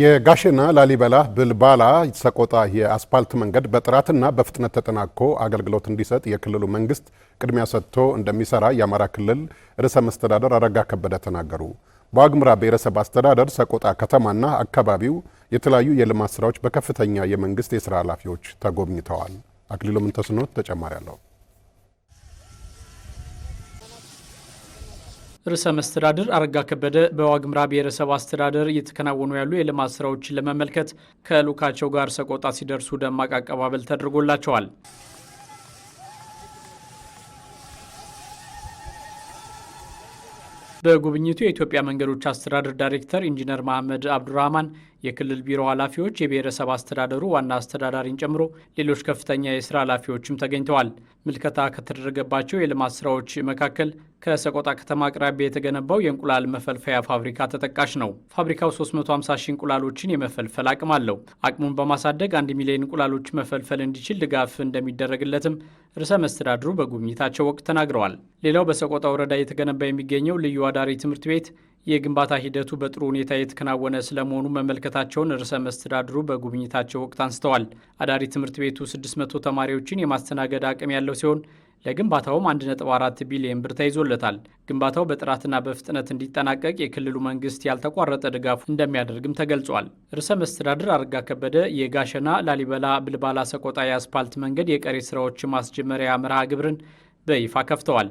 የጋሸና ላሊበላ ብልባላ ሰቆጣ የአስፓልት መንገድ በጥራትና በፍጥነት ተጠናቆ አገልግሎት እንዲሰጥ የክልሉ መንግስት ቅድሚያ ሰጥቶ እንደሚሰራ የአማራ ክልል ርዕሰ መስተዳደር አረጋ ከበደ ተናገሩ። በዋግምራ ብሔረሰብ አስተዳደር ሰቆጣ ከተማና አካባቢው የተለያዩ የልማት ስራዎች በከፍተኛ የመንግስት የስራ ኃላፊዎች ተጎብኝተዋል። አክሊሉ ምንተስኖት ተጨማሪ አለው። ርዕሰ መስተዳድር አረጋ ከበደ በዋግምራ ብሔረሰብ አስተዳደር እየተከናወኑ ያሉ የልማት ስራዎችን ለመመልከት ከልዑካቸው ጋር ሰቆጣ ሲደርሱ ደማቅ አቀባበል ተደርጎላቸዋል። በጉብኝቱ የኢትዮጵያ መንገዶች አስተዳደር ዳይሬክተር ኢንጂነር መሐመድ አብዱራህማን የክልል ቢሮ ኃላፊዎች፣ የብሔረሰብ አስተዳደሩ ዋና አስተዳዳሪን ጨምሮ ሌሎች ከፍተኛ የስራ ኃላፊዎችም ተገኝተዋል። ምልከታ ከተደረገባቸው የልማት ስራዎች መካከል ከሰቆጣ ከተማ አቅራቢያ የተገነባው የእንቁላል መፈልፈያ ፋብሪካ ተጠቃሽ ነው። ፋብሪካው 350 ሺህ እንቁላሎችን የመፈልፈል አቅም አለው። አቅሙን በማሳደግ አንድ ሚሊዮን እንቁላሎች መፈልፈል እንዲችል ድጋፍ እንደሚደረግለትም ርዕሰ መስተዳድሩ በጉብኝታቸው ወቅት ተናግረዋል። ሌላው በሰቆጣ ወረዳ እየተገነባ የሚገኘው ልዩ አዳሪ ትምህርት ቤት የግንባታ ሂደቱ በጥሩ ሁኔታ የተከናወነ ስለመሆኑ መመልከታቸውን ርዕሰ መስተዳድሩ በጉብኝታቸው ወቅት አንስተዋል። አዳሪ ትምህርት ቤቱ 600 ተማሪዎችን የማስተናገድ አቅም ያለው ሲሆን ለግንባታውም 1.4 ቢሊዮን ብር ተይዞለታል። ግንባታው በጥራትና በፍጥነት እንዲጠናቀቅ የክልሉ መንግስት ያልተቋረጠ ድጋፍ እንደሚያደርግም ተገልጿል። ርዕሰ መስተዳድር አረጋ ከበደ የጋሸና ላሊበላ፣ ብልባላ፣ ሰቆጣ የአስፓልት መንገድ የቀሪ ስራዎች ማስጀመሪያ መርሃ ግብርን በይፋ ከፍተዋል።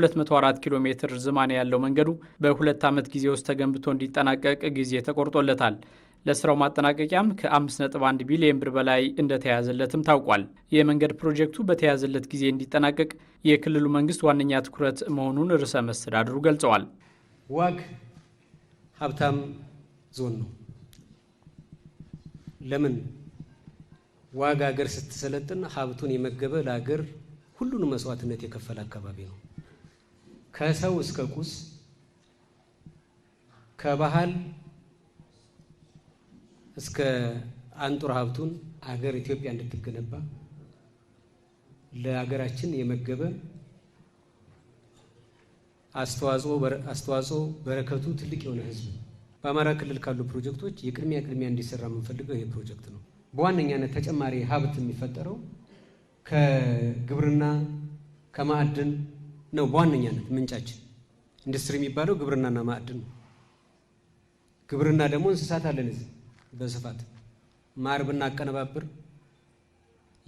204 ኪሎ ሜትር ዝማኔ ያለው መንገዱ በሁለት ዓመት ጊዜ ውስጥ ተገንብቶ እንዲጠናቀቅ ጊዜ ተቆርጦለታል። ለስራው ማጠናቀቂያም ከ5.1 ቢሊዮን ብር በላይ እንደተያዘለትም ታውቋል። የመንገድ ፕሮጀክቱ በተያዘለት ጊዜ እንዲጠናቀቅ የክልሉ መንግስት ዋነኛ ትኩረት መሆኑን ርዕሰ መስተዳድሩ ገልጸዋል። ዋግ ሀብታም ዞን ነው። ለምን ዋግ ሀገር ስትሰለጥን ሀብቱን የመገበ ለሀገር ሁሉንም መስዋዕትነት የከፈለ አካባቢ ነው። ከሰው እስከ ቁስ ከባህል እስከ አንጡር ሀብቱን አገር ኢትዮጵያ እንድትገነባ ለሀገራችን የመገበ አስተዋጽኦ በረከቱ ትልቅ የሆነ ህዝብ በአማራ ክልል ካሉ ፕሮጀክቶች የቅድሚያ ቅድሚያ እንዲሰራ የምንፈልገው ይሄ ፕሮጀክት ነው። በዋነኛነት ተጨማሪ ሀብት የሚፈጠረው ከግብርና ከማዕድን ነው በዋነኛነት ምንጫችን። ኢንዱስትሪ የሚባለው ግብርናና ማዕድን ነው። ግብርና ደግሞ እንስሳት አለን እዚህ በስፋት ማር ብናቀነባብር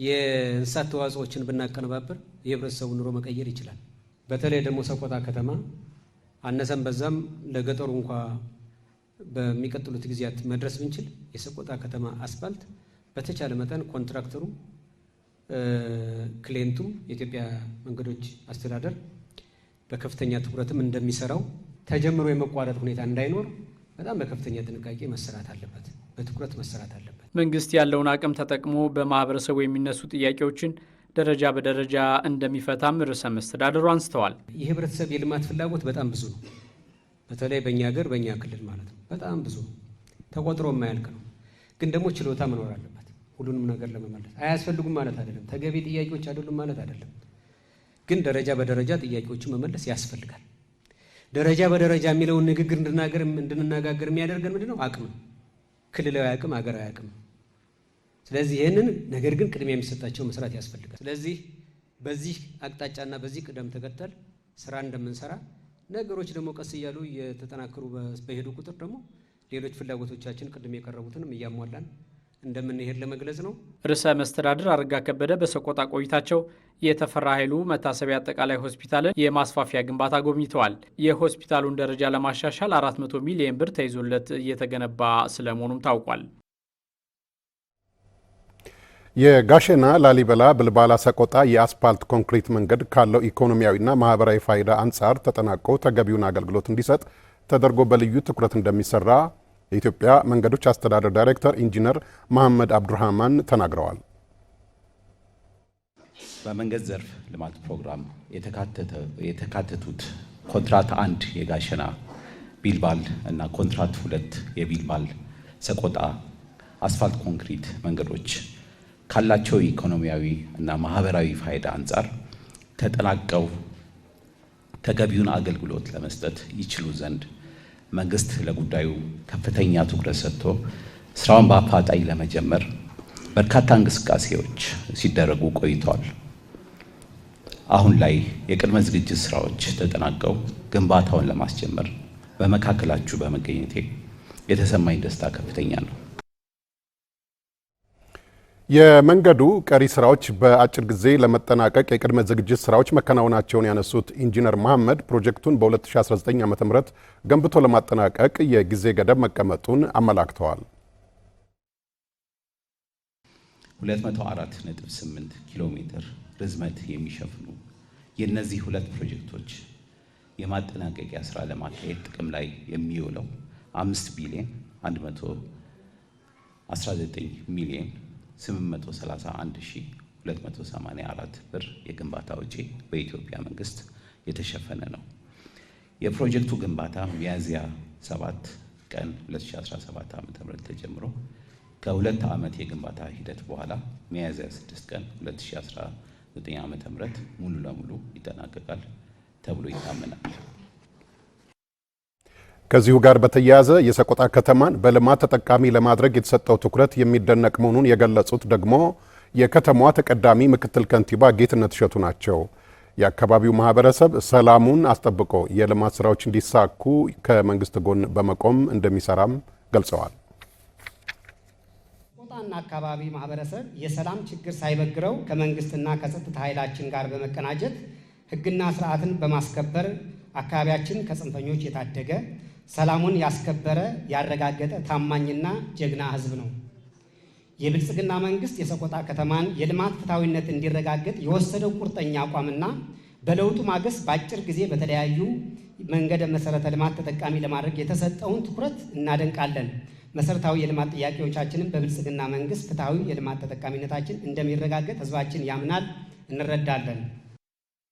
የእንስሳት ተዋጽኦችን ብናቀነባብር የህብረተሰቡ ኑሮ መቀየር ይችላል። በተለይ ደግሞ ሰቆጣ ከተማ አነሰም በዛም ለገጠሩ እንኳ በሚቀጥሉት ጊዜያት መድረስ ብንችል የሰቆጣ ከተማ አስፋልት በተቻለ መጠን ኮንትራክተሩ ክሌንቱ የኢትዮጵያ መንገዶች አስተዳደር በከፍተኛ ትኩረትም እንደሚሰራው ተጀምሮ የመቋረጥ ሁኔታ እንዳይኖር በጣም በከፍተኛ ጥንቃቄ መሰራት አለበት፣ በትኩረት መሰራት አለበት። መንግስት ያለውን አቅም ተጠቅሞ በማህበረሰቡ የሚነሱ ጥያቄዎችን ደረጃ በደረጃ እንደሚፈታም ርዕሰ መስተዳደሩ አንስተዋል። የህብረተሰብ የልማት ፍላጎት በጣም ብዙ ነው። በተለይ በእኛ ሀገር በእኛ ክልል ማለት ነው በጣም ብዙ ነው፣ ተቆጥሮ የማያልቅ ነው። ግን ደግሞ ችሎታ መኖር አለበት። ሁሉንም ነገር ለመመለስ አያስፈልጉም ማለት አይደለም። ተገቢ ጥያቄዎች አይደሉም ማለት አይደለም። ግን ደረጃ በደረጃ ጥያቄዎችን መመለስ ያስፈልጋል። ደረጃ በደረጃ የሚለውን ንግግር እንድንነጋገር የሚያደርገን ምንድን ነው? አቅም፣ ክልላዊ አቅም፣ አገራዊ አቅም። ስለዚህ ይህንን ነገር ግን ቅድሚያ የሚሰጣቸው መስራት ያስፈልጋል። ስለዚህ በዚህ አቅጣጫና በዚህ ቅደም ተከተል ስራ እንደምንሰራ ነገሮች ደግሞ ቀስ እያሉ እየተጠናከሩ በሄዱ ቁጥር ደግሞ ሌሎች ፍላጎቶቻችን ቅድም የቀረቡትንም እያሟላን እንደምንሄድ ለመግለጽ ነው። ርዕሰ መስተዳድር አረጋ ከበደ በሰቆጣ ቆይታቸው የተፈራ ኃይሉ መታሰቢያ አጠቃላይ ሆስፒታልን የማስፋፊያ ግንባታ ጎብኝተዋል። የሆስፒታሉን ደረጃ ለማሻሻል 400 ሚሊዮን ብር ተይዞለት እየተገነባ ስለመሆኑም ታውቋል። የጋሸና ላሊበላ ብልባላ ሰቆጣ የአስፓልት ኮንክሪት መንገድ ካለው ኢኮኖሚያዊና ማህበራዊ ፋይዳ አንጻር ተጠናቆ ተገቢውን አገልግሎት እንዲሰጥ ተደርጎ በልዩ ትኩረት እንደሚሰራ የኢትዮጵያ መንገዶች አስተዳደር ዳይሬክተር ኢንጂነር መሐመድ አብዱርሃማን ተናግረዋል። በመንገድ ዘርፍ ልማት ፕሮግራም የተካተቱት ኮንትራት አንድ የጋሸና ቢልባል እና ኮንትራት ሁለት የቢልባል ሰቆጣ አስፋልት ኮንክሪት መንገዶች ካላቸው ኢኮኖሚያዊ እና ማህበራዊ ፋይዳ አንጻር ተጠናቀው ተገቢውን አገልግሎት ለመስጠት ይችሉ ዘንድ መንግስት ለጉዳዩ ከፍተኛ ትኩረት ሰጥቶ ስራውን በአፋጣኝ ለመጀመር በርካታ እንቅስቃሴዎች ሲደረጉ ቆይተዋል። አሁን ላይ የቅድመ ዝግጅት ስራዎች ተጠናቀው ግንባታውን ለማስጀመር በመካከላችሁ በመገኘቴ የተሰማኝ ደስታ ከፍተኛ ነው። የመንገዱ ቀሪ ስራዎች በአጭር ጊዜ ለመጠናቀቅ የቅድመ ዝግጅት ስራዎች መከናወናቸውን ያነሱት ኢንጂነር መሐመድ ፕሮጀክቱን በ2019 ዓ ም ገንብቶ ለማጠናቀቅ የጊዜ ገደብ መቀመጡን አመላክተዋል። 248 ኪሎ ሜትር ርዝመት የሚሸፍኑ የእነዚህ ሁለት ፕሮጀክቶች የማጠናቀቂያ ስራ ለማካሄድ ጥቅም ላይ የሚውለው 5 ቢሊዮን 119 ሚሊዮን 831284 ብር የግንባታ ውጪ በኢትዮጵያ መንግስት የተሸፈነ ነው። የፕሮጀክቱ ግንባታ ሚያዝያ 7 ቀን 2017 ዓ.ም ተጀምሮ ከሁለት ዓመት የግንባታ ሂደት በኋላ ሚያዝያ 6 ቀን 2019 ዓ.ም ሙሉ ለሙሉ ይጠናቀቃል ተብሎ ይታመናል። ከዚሁ ጋር በተያያዘ የሰቆጣ ከተማን በልማት ተጠቃሚ ለማድረግ የተሰጠው ትኩረት የሚደነቅ መሆኑን የገለጹት ደግሞ የከተማዋ ተቀዳሚ ምክትል ከንቲባ ጌትነት እሸቱ ናቸው። የአካባቢው ማህበረሰብ ሰላሙን አስጠብቆ የልማት ስራዎች እንዲሳኩ ከመንግስት ጎን በመቆም እንደሚሰራም ገልጸዋል። ሰቆጣና አካባቢ ማህበረሰብ የሰላም ችግር ሳይበግረው ከመንግስትና ከጸጥታ ኃይላችን ጋር በመቀናጀት ህግና ስርዓትን በማስከበር አካባቢያችን ከጽንፈኞች የታደገ ሰላሙን ያስከበረ ያረጋገጠ ታማኝና ጀግና ህዝብ ነው። የብልጽግና መንግስት የሰቆጣ ከተማን የልማት ፍትሐዊነት እንዲረጋገጥ የወሰደው ቁርጠኛ አቋምና በለውጡ ማግስት በአጭር ጊዜ በተለያዩ መንገደ መሰረተ ልማት ተጠቃሚ ለማድረግ የተሰጠውን ትኩረት እናደንቃለን። መሰረታዊ የልማት ጥያቄዎቻችንን በብልጽግና መንግስት ፍትሐዊ የልማት ተጠቃሚነታችን እንደሚረጋገጥ ህዝባችን ያምናል፣ እንረዳለን።